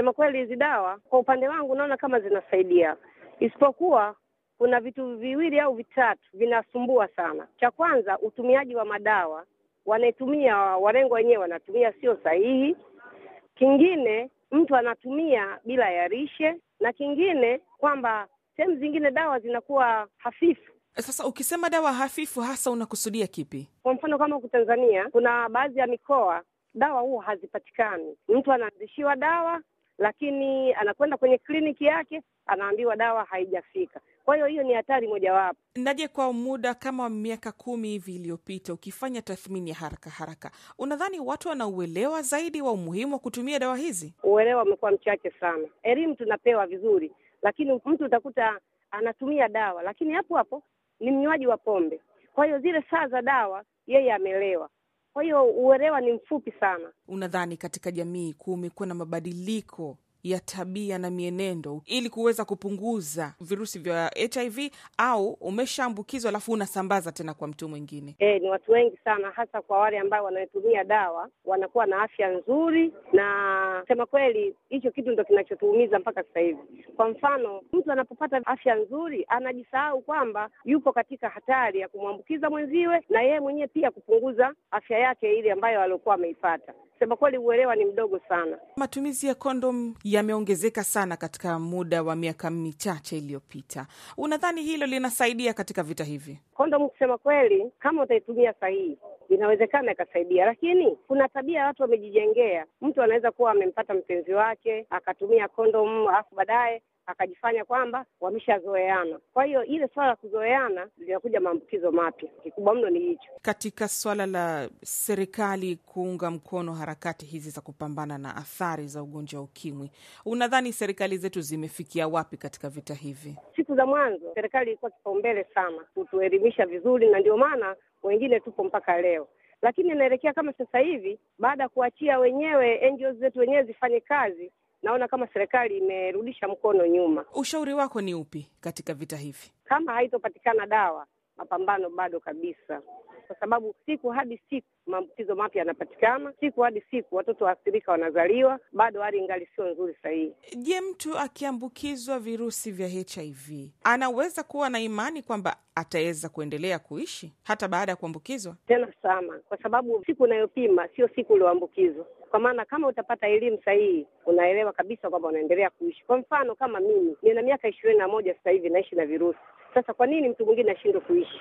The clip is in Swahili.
Kusema kweli, hizi dawa kwa upande wangu naona kama zinasaidia, isipokuwa kuna vitu viwili au vitatu vinasumbua sana. Cha kwanza, utumiaji wa madawa, wanaetumia warengo wenyewe wanatumia sio sahihi. Kingine, mtu anatumia bila ya lishe, na kingine kwamba sehemu zingine dawa zinakuwa hafifu. Sasa ukisema dawa hafifu, hasa unakusudia kipi? Kwa mfano kama huku Tanzania kuna baadhi ya mikoa dawa huwa hazipatikani, mtu anaanzishiwa dawa lakini anakwenda kwenye kliniki yake anaambiwa dawa haijafika. Kwa hiyo hiyo ni hatari mojawapo. Naje, kwa muda kama miaka kumi hivi iliyopita, ukifanya tathmini ya haraka haraka, unadhani watu wanauelewa zaidi wa umuhimu wa kutumia dawa hizi? Uelewa umekuwa mchache sana, elimu tunapewa vizuri, lakini mtu utakuta anatumia dawa, lakini hapo hapo ni mnywaji wa pombe. Kwa hiyo zile saa za dawa yeye amelewa, kwa hiyo uelewa ni mfupi sana. Unadhani katika jamii kumekuwa na mabadiliko ya tabia na mienendo ili kuweza kupunguza virusi vya HIV au umeshaambukizwa alafu unasambaza tena kwa mtu mwingine? E, ni watu wengi sana, hasa kwa wale ambao wanatumia dawa, wanakuwa na afya nzuri, na sema kweli, hicho kitu ndo kinachotuumiza mpaka sasa hivi. Kwa mfano, mtu anapopata afya nzuri anajisahau kwamba yupo katika hatari ya kumwambukiza mwenziwe na yeye mwenyewe pia kupunguza afya yake ile ambayo aliokuwa ameipata. Sema kweli, uelewa ni mdogo sana. Matumizi ya kondom yameongezeka sana katika muda wa miaka michache iliyopita. Unadhani hilo linasaidia katika vita hivi? Kondom, kusema kweli, kama utaitumia sahihi inawezekana ikasaidia, lakini kuna tabia watu wamejijengea. Mtu anaweza kuwa amempata mpenzi wake akatumia kondom, alafu baadaye akajifanya kwamba wameshazoeana. Kwa hiyo ile swala la kuzoeana linakuja maambukizo mapya, kikubwa mno ni hicho. Katika swala la serikali kuunga mkono harakati hizi za kupambana na athari za ugonjwa wa ukimwi, unadhani serikali zetu zimefikia wapi katika vita hivi? Siku za mwanzo serikali ilikuwa kipaumbele sana kutuelimisha vizuri, na ndio maana wengine tupo mpaka leo lakini inaelekea kama sasa hivi, baada ya kuachia wenyewe NGOs zetu wenyewe zifanye kazi, naona kama serikali imerudisha mkono nyuma. Ushauri wako ni upi katika vita hivi? Kama haitopatikana dawa, mapambano bado kabisa kwa sababu siku hadi siku maambukizo mapya yanapatikana, siku hadi siku watoto waathirika wanazaliwa, bado hali ingali sio nzuri sahihi. Je, mtu akiambukizwa virusi vya HIV anaweza kuwa na imani kwamba ataweza kuendelea kuishi hata baada ya kuambukizwa? Tena sana, kwa sababu siku unayopima sio siku ulioambukizwa. Kwa maana kama utapata elimu sahihi, unaelewa kabisa kwamba unaendelea kuishi. Kwa mfano kama mimi nina miaka ishirini na moja sasa hivi naishi na virusi. Sasa kwa nini mtu mwingine ashindwe kuishi?